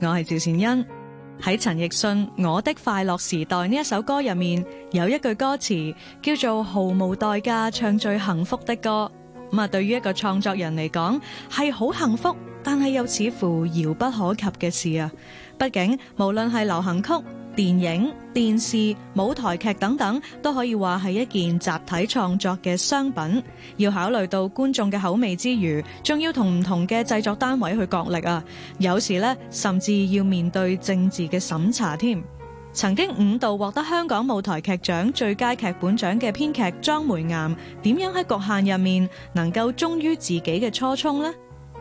我係趙善恩，喺陳奕迅《我的快樂時代》呢一首歌入面有一句歌詞叫做毫無代價唱最幸福的歌，咁啊對於一個創作人嚟講係好幸福，但係又似乎遙不可及嘅事啊。畢竟無論係流行曲、電影、電視、舞台劇等等，都可以話係一件集體創作嘅商品，要考慮到觀眾嘅口味之餘，仲要同唔同嘅製作單位去角力啊！有時呢，甚至要面對政治嘅審查添。曾經五度獲得香港舞台劇獎最佳劇本獎嘅編劇莊梅岩，點樣喺局限入面能夠忠於自己嘅初衷呢？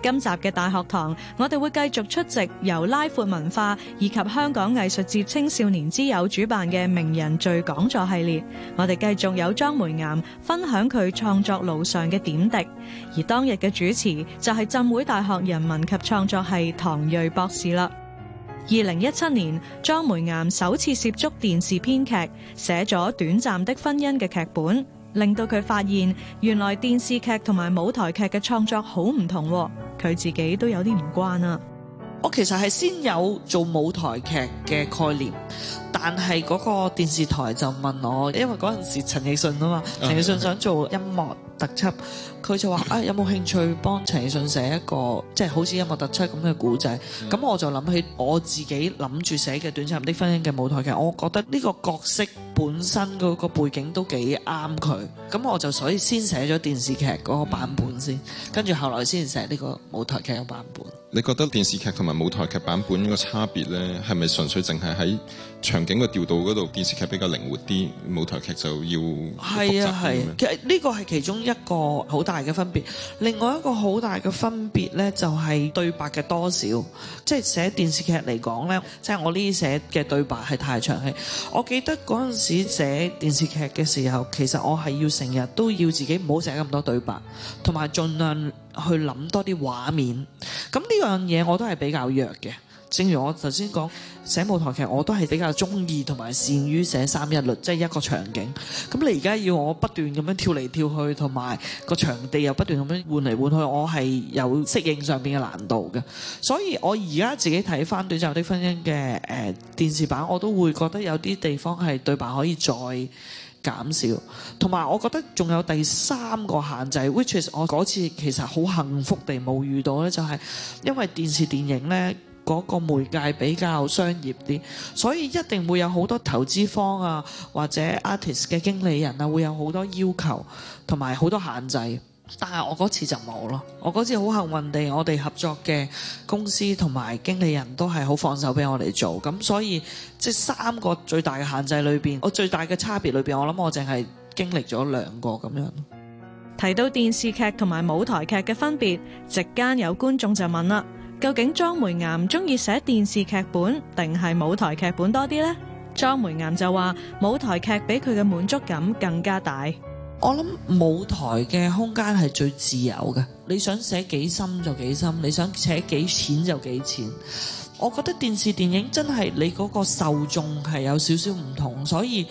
今集嘅大學堂，我哋會繼續出席由拉闊文化以及香港藝術節青少年之友主辦嘅名人聚講座系列。我哋繼續有莊梅岩分享佢創作路上嘅點滴，而當日嘅主持就係浸會大學人文及創作系唐睿博士啦。二零一七年，莊梅岩首次涉足電視編劇，寫咗《短暫的婚姻》嘅劇本。令到佢發現，原來電視劇同埋舞台劇嘅創作好唔同，佢自己都有啲唔慣啊。我其實係先有做舞台劇嘅概念，但係嗰個電視台就問我，因為嗰陣時陳奕迅啊嘛， 陳奕迅想做音樂特輯，佢 就話：啊、哎，有冇興趣幫陳奕迅寫一個即係、就是、好似音樂特輯咁嘅故仔？咁 我就諗起我自己諗住寫嘅《短暫的婚姻》嘅舞台劇，我覺得呢個角色本身嗰個背景都幾啱佢，咁我就所以先寫咗電視劇嗰個版本先，跟住 後、後來先寫呢個舞台劇嘅版本。你覺得電視劇同埋舞台劇版本，個差別咧係咪純粹淨係喺？場景嘅調度嗰度電視劇比較靈活啲，舞台劇就要係啊係，其實呢個係其中一個好大嘅分別。另外一個好大嘅分別呢，就係對白嘅多少。即係寫電視劇嚟講呢，即係我呢寫嘅對白係太長氣。我記得嗰陣時寫電視劇嘅時候，其實我係要成日都要自己唔好寫咁多對白，同埋盡量去諗多啲畫面。咁呢樣嘢我都係比較弱嘅。正如我頭先講寫舞台劇，我都係比較中意同埋善於寫三一律，即係一個場景。咁你而家要我不斷咁樣跳嚟跳去，同埋個場地又不斷咁樣換嚟換去，我係有適應上面嘅難度嘅。所以我而家自己睇翻《短暫的婚姻》嘅誒電視版，我都會覺得有啲地方係對白可以再減少，同埋我覺得仲有第三個限制，which is 我嗰次其實好幸福地冇遇到呢，就係因為電視電影呢。嗰個媒介比較商業啲，所以一定會有好多投資方啊，或者 artist 嘅經理人啊，會有好多要求同埋好多限制。但係我嗰次就冇咯，我嗰次好幸運地，我哋合作嘅公司同埋經理人都係好放手俾我嚟做，咁所以即係三個最大嘅限制裏邊，我最大嘅差別裏邊，我諗我淨係經歷咗兩個咁樣。提到電視劇同埋舞台劇嘅分別，席間有觀眾就問啦。究竟莊梅岩中意寫電視劇本定係舞台劇本多啲呢？莊梅岩就話：舞台劇畀佢嘅滿足感更加大。我諗舞台嘅空間係最自由嘅，你想寫幾深就幾深，你想寫幾淺就幾淺。我覺得電視電影真係你嗰個受眾係有少少唔同，所以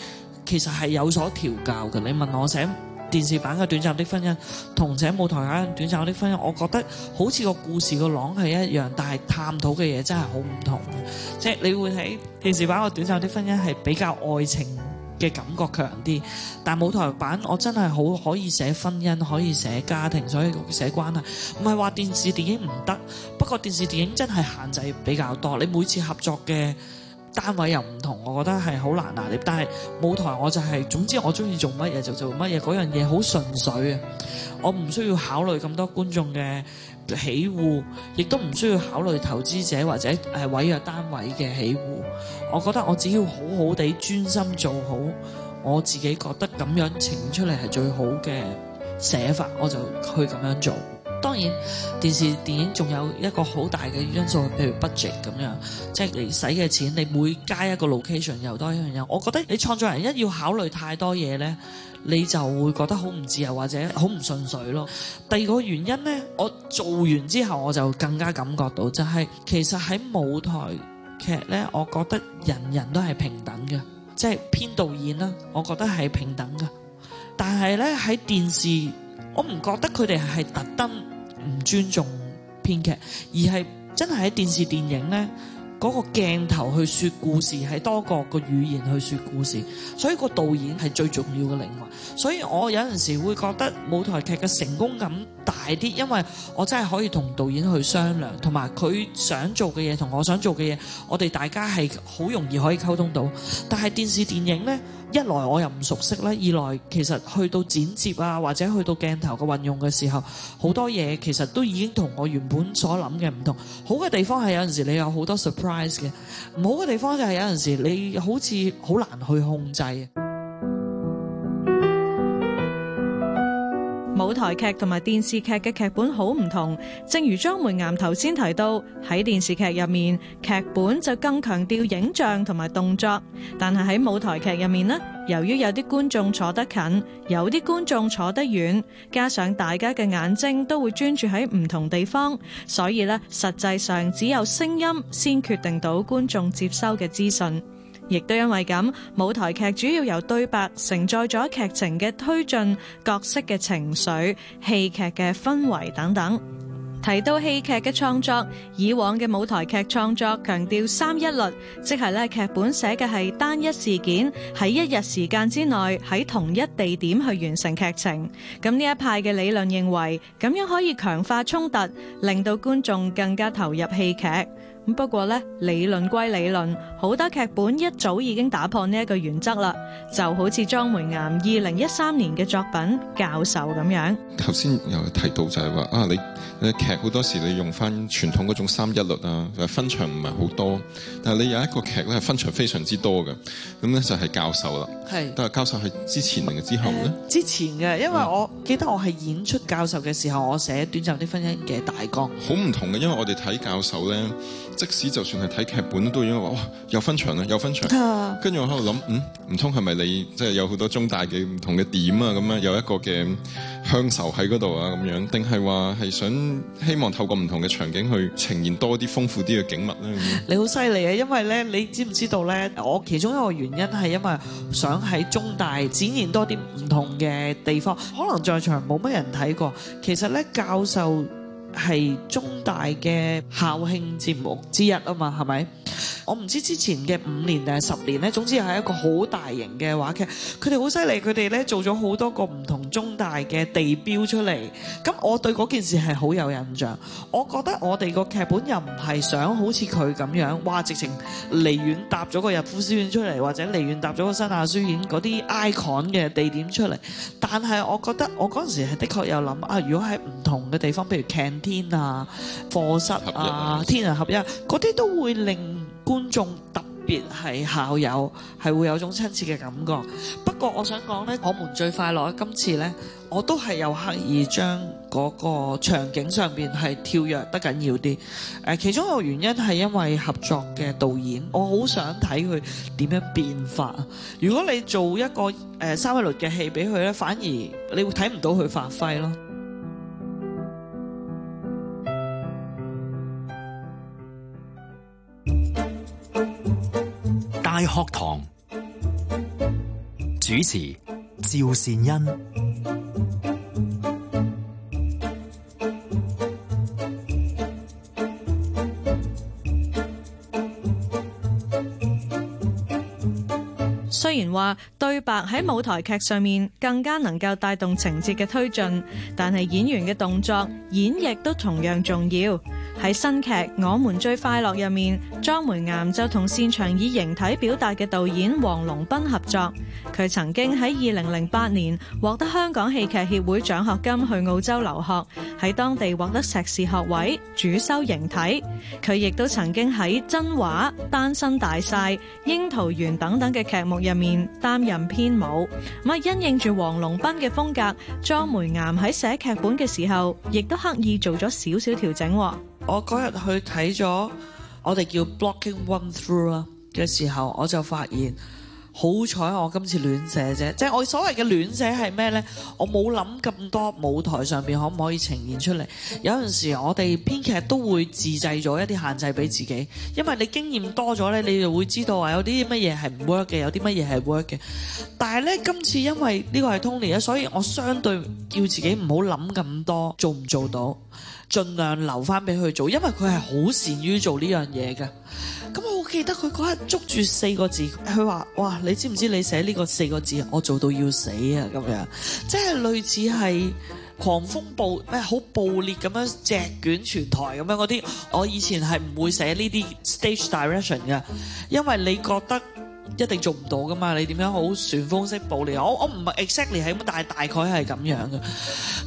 其實係有所調教嘅。你問我寫？電視版嘅《短暫的婚姻》同寫舞台版《短暫的婚姻》，我覺得好似個故事個朗係一樣，但係探討嘅嘢真係好唔同嘅。即係、就是、你會睇電視版個《短暫的婚姻》係比較愛情嘅感覺強啲，但舞台版我真係好可以寫婚姻，可以寫家庭，所以寫關係。唔係話電視電影唔得，不過電視電影真係限制比較多。你每次合作嘅單位又唔同，我覺得係好難拿捏。但係舞台我就係、是、總之我，我中意做乜嘢就做乜嘢，嗰樣嘢好純粹啊！我唔需要考慮咁多觀眾嘅喜好，亦都唔需要考慮投資者或者係委約單位嘅喜好。我覺得我只要好好地專心做好我自己覺得咁樣呈現出嚟係最好嘅寫法，我就去咁樣做。當然，電視電影仲有一個好大嘅因素，譬如 budget 咁樣，即係你使嘅錢，你每加一個 location 又多一樣嘢。我覺得你創作人一要考慮太多嘢呢，你就會覺得好唔自由或者好唔順水咯。第二個原因呢，我做完之後我就更加感覺到就係其實喺舞台劇呢，我覺得人人都係平等嘅，即係編導演啦，我覺得係平等嘅。但係呢喺電視，我唔覺得佢哋係特登。唔尊重編劇，而係真係喺電視電影咧，嗰個鏡頭去說故事，係多過個語言去說故事，所以個導演係最重要嘅靈魂。所以我有陣時會覺得舞台劇嘅成功感大啲，因為我真係可以同導演去商量，同埋佢想做嘅嘢同我想做嘅嘢，我哋大家係好容易可以溝通到。但係電視電影咧。一來我又唔熟悉，二來其實去到剪接啊，或者去到鏡頭嘅運用嘅時候，好多嘢其實都已經同我原本所諗嘅唔同。好嘅地方係有陣時你有好多 surprise 嘅，唔好嘅地方就係有陣時你好似好難去控制。舞台劇同埋電視劇嘅劇本好唔同，正如莊梅岩頭先提到，喺電視劇入面，劇本就更強調影像同埋動作。但係喺舞台劇入面呢，由於有啲觀眾坐得近，有啲觀眾坐得遠，加上大家嘅眼睛都會專注喺唔同地方，所以咧實際上只有聲音先決定到觀眾接收嘅資訊。亦都因為咁，舞台劇主要由對白承載咗劇情嘅推進、角色嘅情緒、戲劇嘅氛圍等等。提到戲劇嘅創作，以往嘅舞台劇創作強調三一律，即係咧劇本寫嘅係單一事件，喺一日時間之內，喺同一地點去完成劇情。咁呢一派嘅理論認為，咁樣可以強化衝突，令到觀眾更加投入戲劇。咁不過咧，理論歸理論，好多劇本一早已經打破呢一個原則啦。就好似莊梅岩二零一三年嘅作品《教授》咁樣。頭先有提到就係、是、話啊，你劇好多時你用翻傳統嗰種三一律啊，就分場唔係好多。但係你有一個劇咧係分場非常之多嘅，咁咧就係《教授》啦是。係，但係《教授》係之前定之後咧？之前嘅，因為我記得我係演出《教授》嘅時候，我寫短暫的婚姻嘅大綱。好唔同嘅，因為我哋睇《教授》呢。即使就算係睇劇本都已經話哇有分場啦，有分場。跟住我喺度諗，嗯，唔通係咪你即係有好多中大嘅唔同嘅點啊？咁樣，有一個嘅鄉愁喺嗰度啊，咁樣，定係話係想希望透過唔同嘅場景去呈現多啲豐富啲嘅景物咧？你好犀利啊！因為咧，你知唔知道咧？我其中一個原因係因為想喺中大展現多啲唔同嘅地方，可能在場冇乜人睇過。其實咧，教授。係中大嘅校慶節目之一啊嘛，係咪？我唔知之前嘅五年定係十年咧，總之係一個好大型嘅話劇。佢哋好犀利，佢哋咧做咗好多個唔同中大嘅地標出嚟。咁我對嗰件事係好有印象。我覺得我哋個劇本又唔係想好似佢咁樣，哇！直情離遠搭咗個逸夫書院出嚟，或者離遠搭咗個新亞書院嗰啲 icon 嘅地點出嚟。但係我覺得我嗰陣時係的確有諗啊，如果喺唔同嘅地方，譬如 canteen 啊、課室啊、天人合一嗰啲都會令觀眾特別係校友係會有種親切嘅感覺。不過我想講呢，我們最快樂今次呢，我都係有刻意將嗰個場景上面係跳躍得緊要啲。誒，其中一個原因係因為合作嘅導演，我好想睇佢點樣變化。如果你做一個誒，三一律嘅戲俾佢呢，反而你會睇唔到佢發揮咯。嗯學堂主持趙善恩。雖然話對白喺舞台劇上面更加能夠帶動情節嘅推進，但係演員嘅動作演繹都同樣重要。喺新劇《我們最快樂》入面，莊梅岩就同擅長以形體表達嘅導演黃龍斌合作。佢曾經喺二零零八年獲得香港戲劇協會獎學金去澳洲留學，喺當地獲得碩士學位，主修形體。佢亦都曾經喺《真話》、《單身大晒》、《櫻桃園》等等嘅劇目入面擔任編舞。咁因應住黃龍斌嘅風格，莊梅岩喺寫劇本嘅時候，亦都刻意做咗少少調整。我嗰日去睇咗我哋叫 blocking one through 啦嘅時候，我就發現好彩我今次亂寫啫，即係我所謂嘅亂寫係咩呢？我冇諗咁多舞台上面可唔可以呈現出嚟？有陣時我哋編劇都會自製咗一啲限制俾自己，因為你經驗多咗呢，你就會知道話有啲乜嘢係唔 work 嘅，有啲乜嘢係 work 嘅。但係呢，今次因為呢個係 Tony 啊，所以我相對叫自己唔好諗咁多，做唔做到？盡量留翻俾佢做，因為佢係好善於做呢樣嘢嘅。咁我記得佢嗰日捉住四個字，佢話：哇，你知唔知你寫呢個四個字，我做到要死啊！咁樣，即係類似係狂風暴咩，好暴烈咁樣，席捲全台咁樣嗰啲。我以前係唔會寫呢啲 stage direction 嘅，因為你覺得。一定做唔到噶嘛？你點樣好旋風式暴力？我我唔係 exactly 係咁，但係大概係咁樣嘅。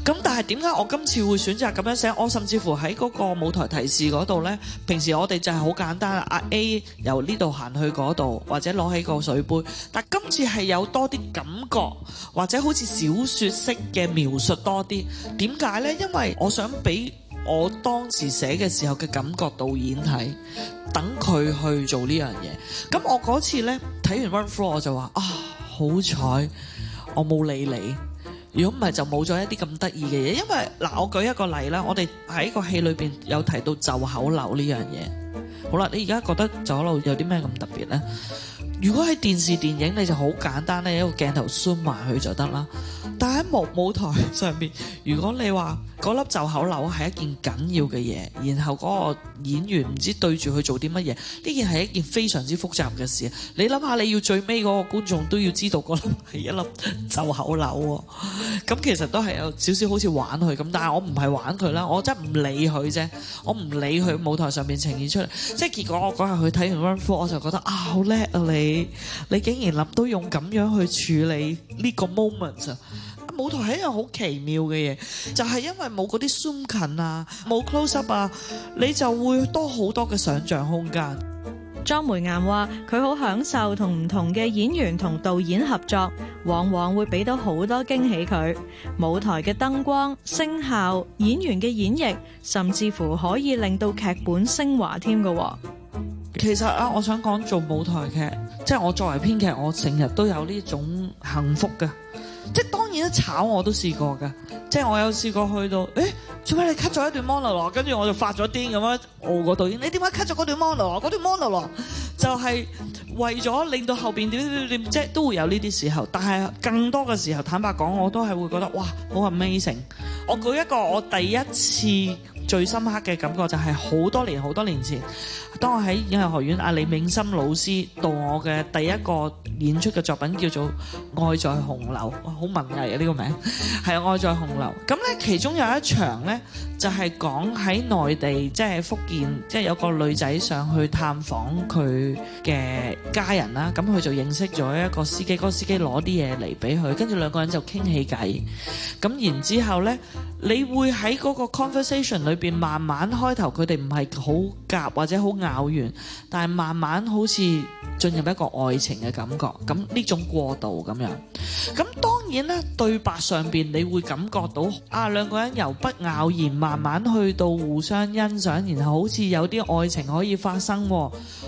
咁 但係點解我今次會選擇咁樣寫？我甚至乎喺嗰個舞台提示嗰度呢，平時我哋就係好簡單，阿 A 由呢度行去嗰度，或者攞起個水杯。但今次係有多啲感覺，或者好似小説式嘅描述多啲。點解呢？因為我想俾。我當時寫嘅時候嘅感覺，導演睇，等佢去做呢樣嘢。咁我嗰次咧睇完《One Floor》，我就話：啊，好彩我冇理你。如果唔係就冇咗一啲咁得意嘅嘢。因為嗱，我舉一個例啦，我哋喺個戲裏邊有提到就口流呢樣嘢。好啦，你而家覺得就口流有啲咩咁特別咧？如果喺電視電影，你就好簡單咧，一個鏡頭 zoom 埋佢就得啦。但喺幕舞台上面，如果你話，嗰粒袖口鈕係一件緊要嘅嘢，然後嗰個演員唔知對住佢做啲乜嘢，呢件係一件非常之複雜嘅事。你諗下，你要最尾嗰個觀眾都要知道嗰粒係一粒袖口鈕喎，咁其實都係有少少好似玩佢咁，但係我唔係玩佢啦，我真係唔理佢啫，我唔理佢舞台上面呈現出嚟，即係結果我嗰日去睇完 Run For，我就覺得啊好叻啊你，你竟然諗到用咁樣去處理呢個 moment 啊！舞台係一樣好奇妙嘅嘢，就係、是、因為冇嗰啲鬆近啊，冇 closeup 啊，你就會多好多嘅想像空間。莊梅岩話：佢好享受同唔同嘅演員同導演合作，往往會俾到好多驚喜佢。舞台嘅燈光、聲效、演員嘅演繹，甚至乎可以令到劇本升華添嘅。其實啊，我想講做舞台劇，即、就、係、是、我作為編劇，我成日都有呢種幸福嘅。即係當然一炒我都試過㗎，即係我有試過去到，誒做咩你 cut 咗一段 monologue 跟住我就發咗癲咁樣我嗰導演：你「你點解 cut 咗嗰段 monologue 嗰段 monologue 就係為咗令到後邊點點點點，即係都會有呢啲時候。但係更多嘅時候，坦白講，我都係會覺得哇，好 amazing！我舉一個我第一次。最深刻嘅感覺就係好多年、好多年前，當我喺演藝學院，阿李銘心老師導我嘅第一個演出嘅作品叫做《愛在紅樓》，好文藝啊！呢個名係《愛在紅樓》。咁咧，其中有一場咧，就係講喺內地，即係福建，即係有個女仔上去探訪佢嘅家人啦。咁佢就認識咗一個司機，嗰個司機攞啲嘢嚟俾佢，跟住兩個人就傾起偈。咁然之後咧，你會喺嗰個 conversation 裏。邊慢慢開頭佢哋唔係好夾或者好咬完，但係慢慢好似進入一個愛情嘅感覺，咁呢種過渡咁樣。咁當然咧，對白上邊你會感覺到啊，兩個人由不咬弦慢慢去到互相欣賞，然後好似有啲愛情可以發生。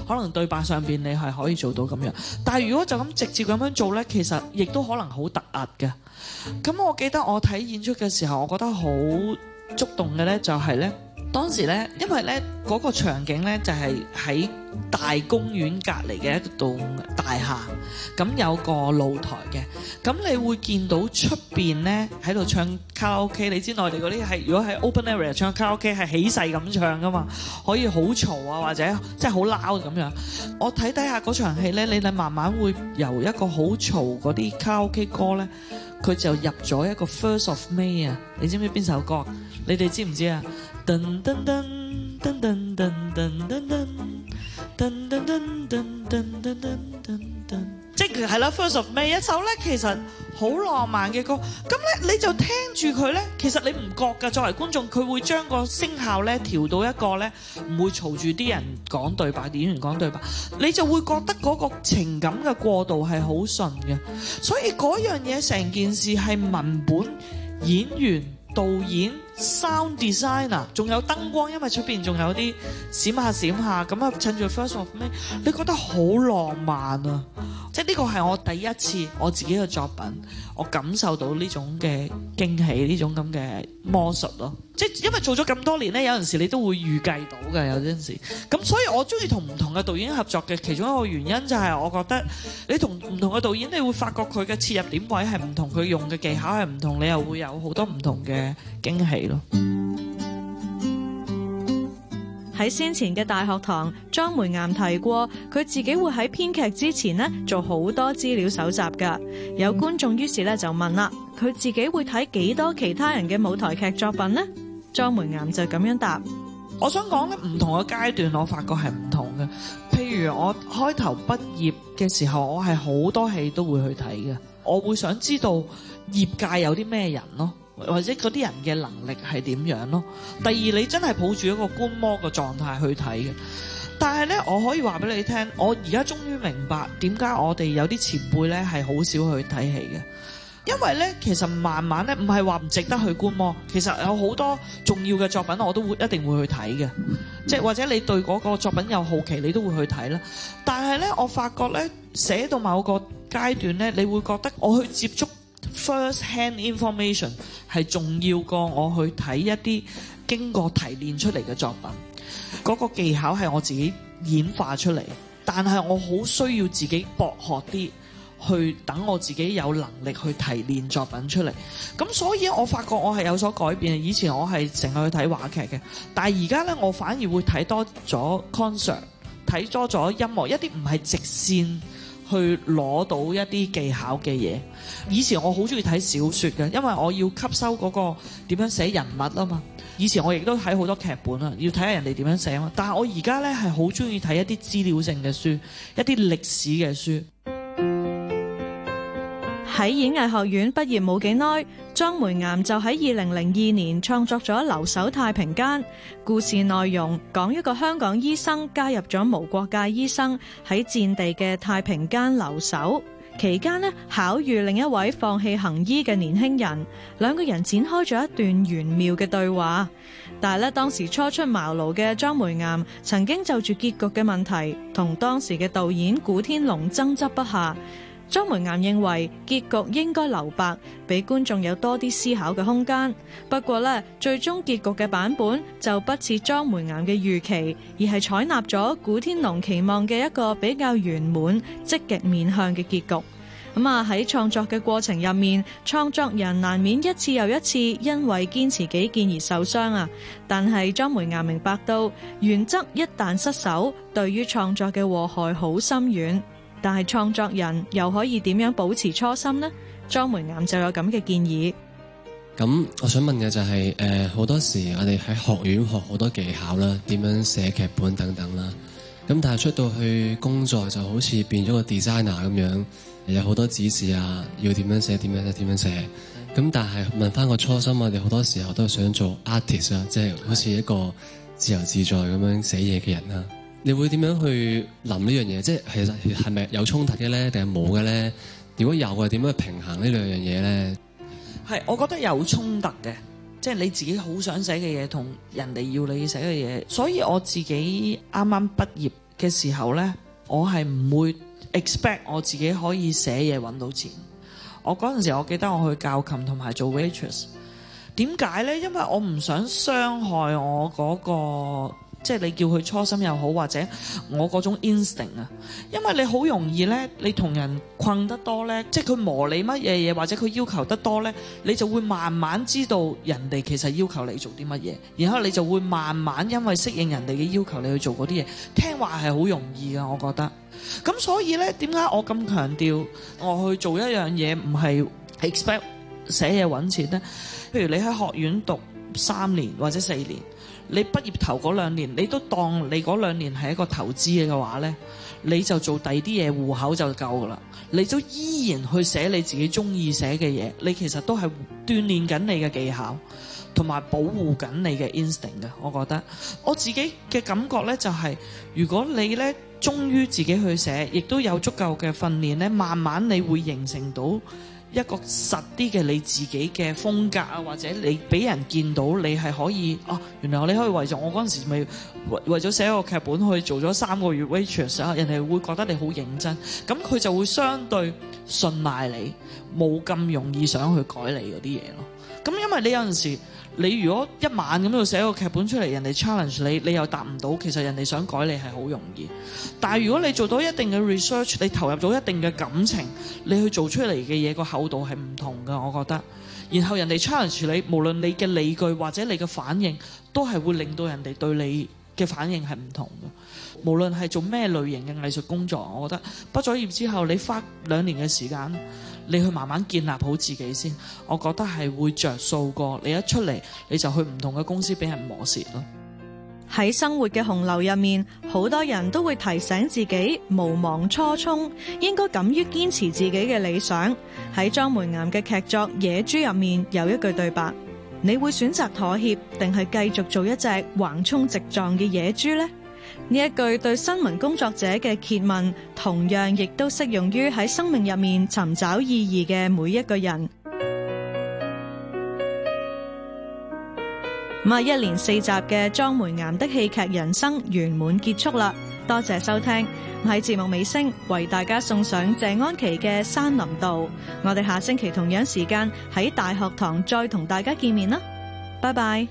可能對白上邊你係可以做到咁樣，但係如果就咁直接咁樣做咧，其實亦都可能好突兀嘅。咁我記得我睇演出嘅時候，我覺得好。觸動嘅咧就係咧，當時咧，因為咧嗰個場景咧就係喺大公園隔離嘅一棟大廈，咁有個露台嘅，咁你會見到出邊咧喺度唱卡拉 OK。你知內地嗰啲係如果喺 open area 唱卡拉 OK 係起勢咁唱噶嘛，可以好嘈啊或者即係好撈咁樣。我睇睇下嗰場戲咧，你哋慢慢會由一個好嘈嗰啲卡拉 OK 歌咧，佢就入咗一個 First of May 啊，你知唔知邊首歌？你哋知唔知啊？噔噔噔噔噔噔噔噔噔噔噔噔噔噔噔噔，即係啦。First of May 一首咧，其實好浪漫嘅歌。咁咧你就聽住佢咧，其實你唔覺噶。作為觀眾，佢會將個聲效咧調到一個咧唔會嘈住啲人講對白，演員講對白，你就會覺得嗰個情感嘅過渡係好順嘅。所以嗰樣嘢成件事係文本、演員、導演。Sound designer，仲有燈光，因為出邊仲有啲閃下閃下咁啊，趁住 First of May，你覺得好浪漫啊！即係呢個係我第一次我自己嘅作品，我感受到呢種嘅驚喜，呢種咁嘅魔術咯、啊。即係因為做咗咁多年呢，有陣時你都會預計到嘅。有陣時，咁所以我中意同唔同嘅導演合作嘅其中一個原因就係我覺得你同唔同嘅導演，你會發覺佢嘅切入點位係唔同，佢用嘅技巧係唔同，你又會有好多唔同嘅驚喜。喺先前嘅大學堂，莊梅岩提過佢自己會喺編劇之前咧做好多資料搜集噶。有觀眾於是咧就問啦，佢自己會睇幾多其他人嘅舞台劇作品呢？莊梅岩就咁樣答，我想講咧，唔同嘅階段，我發覺係唔同嘅。譬如我開頭畢業嘅時候，我係好多戲都會去睇嘅，我會想知道業界有啲咩人咯。或者嗰啲人嘅能力係點樣咯？第二，你真係抱住一個觀摩嘅狀態去睇嘅。但係咧，我可以話俾你聽，我而家終於明白點解我哋有啲前輩咧係好少去睇戲嘅。因為咧，其實慢慢咧唔係話唔值得去觀摩，其實有好多重要嘅作品我都會一定會去睇嘅。即係或者你對嗰個作品有好奇，你都會去睇啦。但係咧，我發覺咧寫到某個階段咧，你會覺得我去接觸 First-hand information 係 重要過我去睇一啲經過提煉出嚟嘅作品，嗰 個技巧係我自己演化出嚟，但係我好需要自己博學啲，去等我自己有能力去提煉作品出嚟。咁所以我發覺我係有所改變。以前我係成日去睇話劇嘅，但係而家呢，我反而會睇多咗 concert，睇多咗音樂，一啲唔係直線。去攞到一啲技巧嘅嘢。以前我好中意睇小説嘅，因為我要吸收嗰個點樣寫人物啊嘛。以前我亦都睇好多劇本呀，要睇下人哋點樣寫啊嘛。但係我而家呢，係好中意睇一啲資料性嘅書，一啲歷史嘅書。喺演藝學院畢業冇幾耐，莊梅岩就喺二零零二年創作咗《留守太平間》。故事內容講一個香港醫生加入咗無國界醫生喺戰地嘅太平間留守，期間呢，巧遇另一位放棄行醫嘅年輕人，兩個人展開咗一段玄妙嘅對話。但係呢，當時初出茅廬嘅莊梅岩曾經就住結局嘅問題同當時嘅導演古天龍爭執不下。莊梅岩認為結局應該留白，俾觀眾有多啲思考嘅空間。不過呢，最終結局嘅版本就不似莊梅岩嘅預期，而係採納咗古天龍期望嘅一個比較圓滿、積極面向嘅結局。咁、嗯、啊，喺創作嘅過程入面，創作人難免一次又一次因為堅持己見而受傷啊。但係莊梅岩明白到，原則一旦失守，對於創作嘅禍害好深遠。但係創作人又可以點樣保持初心呢？莊梅岩就有咁嘅建議。咁我想問嘅就係，誒，好多時我哋喺學院學好多技巧啦，點樣寫劇本等等啦。咁但係出到去工作就好似變咗個 designer 咁樣，有好多指示啊，要點樣寫，點樣寫，點樣寫。咁但係問翻個初心，我哋好多時候都想做 artist 啊，即係好似一個自由自在咁樣寫嘢嘅人啦。你會點樣去諗呢樣嘢？即係其實係咪有衝突嘅咧，定係冇嘅咧？如果有，又點樣平衡呢兩樣嘢咧？係，我覺得有衝突嘅，即係你自己好想寫嘅嘢，同人哋要你寫嘅嘢。所以我自己啱啱畢業嘅時候咧，我係唔會 expect 我自己可以寫嘢揾到錢。我嗰陣時，我記得我去教琴同埋做 waitress。點解咧？因為我唔想傷害我嗰個。即係你叫佢初心又好，或者我嗰種 instinct 啊，因為你好容易呢，你同人困得多呢，即係佢磨你乜嘢嘢，或者佢要求得多呢，你就會慢慢知道人哋其實要求你做啲乜嘢，然後你就會慢慢因為適應人哋嘅要求，你去做嗰啲嘢，聽話係好容易啊，我覺得。咁所以呢，點解我咁強調我去做一樣嘢唔係 expect 寫嘢揾錢呢？譬如你喺學院讀，三年或者四年，你畢業頭嗰兩年，你都當你嗰兩年係一個投資嘅話呢，你就做第二啲嘢，戶口就夠噶啦。你都依然去寫你自己中意寫嘅嘢，你其實都係鍛鍊緊你嘅技巧，同埋保護緊你嘅 instinct。我覺得我自己嘅感覺呢，就係，就係如果你呢忠於自己去寫，亦都有足夠嘅訓練呢，慢慢你會形成到。一個實啲嘅你自己嘅風格啊，或者你俾人見到你係可以啊，原來你可以為咗我嗰陣時咪為為咗寫一個劇本去做咗三個月 waitress 啊，人哋會覺得你好認真，咁佢就會相對信賴你，冇咁容易想去改你嗰啲嘢咯。咁因為你有陣時。你如果一晚咁度寫個劇本出嚟，人哋 challenge 你，你又答唔到，其實人哋想改你係好容易。但係如果你做到一定嘅 research，你投入咗一定嘅感情，你去做出嚟嘅嘢個厚度係唔同㗎，我覺得。然後人哋 challenge 你，無論你嘅理據或者你嘅反應，都係會令到人哋對你嘅反應係唔同㗎。無論係做咩類型嘅藝術工作，我覺得畢咗業之後，你花兩年嘅時間。你去慢慢建立好自己先，我覺得係會着數過。你一出嚟你就去唔同嘅公司俾人磨蝕咯。喺生活嘅洪流入面，好多人都會提醒自己無忘初衷，應該敢於堅持自己嘅理想。喺莊梅岩嘅劇作《野豬》入面有一句對白：你會選擇妥協，定係繼續做一隻橫衝直撞嘅野豬咧？呢一句對新聞工作者嘅詰問，同樣亦都適用於喺生命入面尋找意義嘅每一個人。咁啊， 一連四集嘅莊梅岩的戲劇人生圓滿結束啦！多謝收聽。喺節目尾聲，為大家送上謝安琪嘅《山林道》。我哋下星期同樣時間喺大學堂再同大家見面啦！拜拜。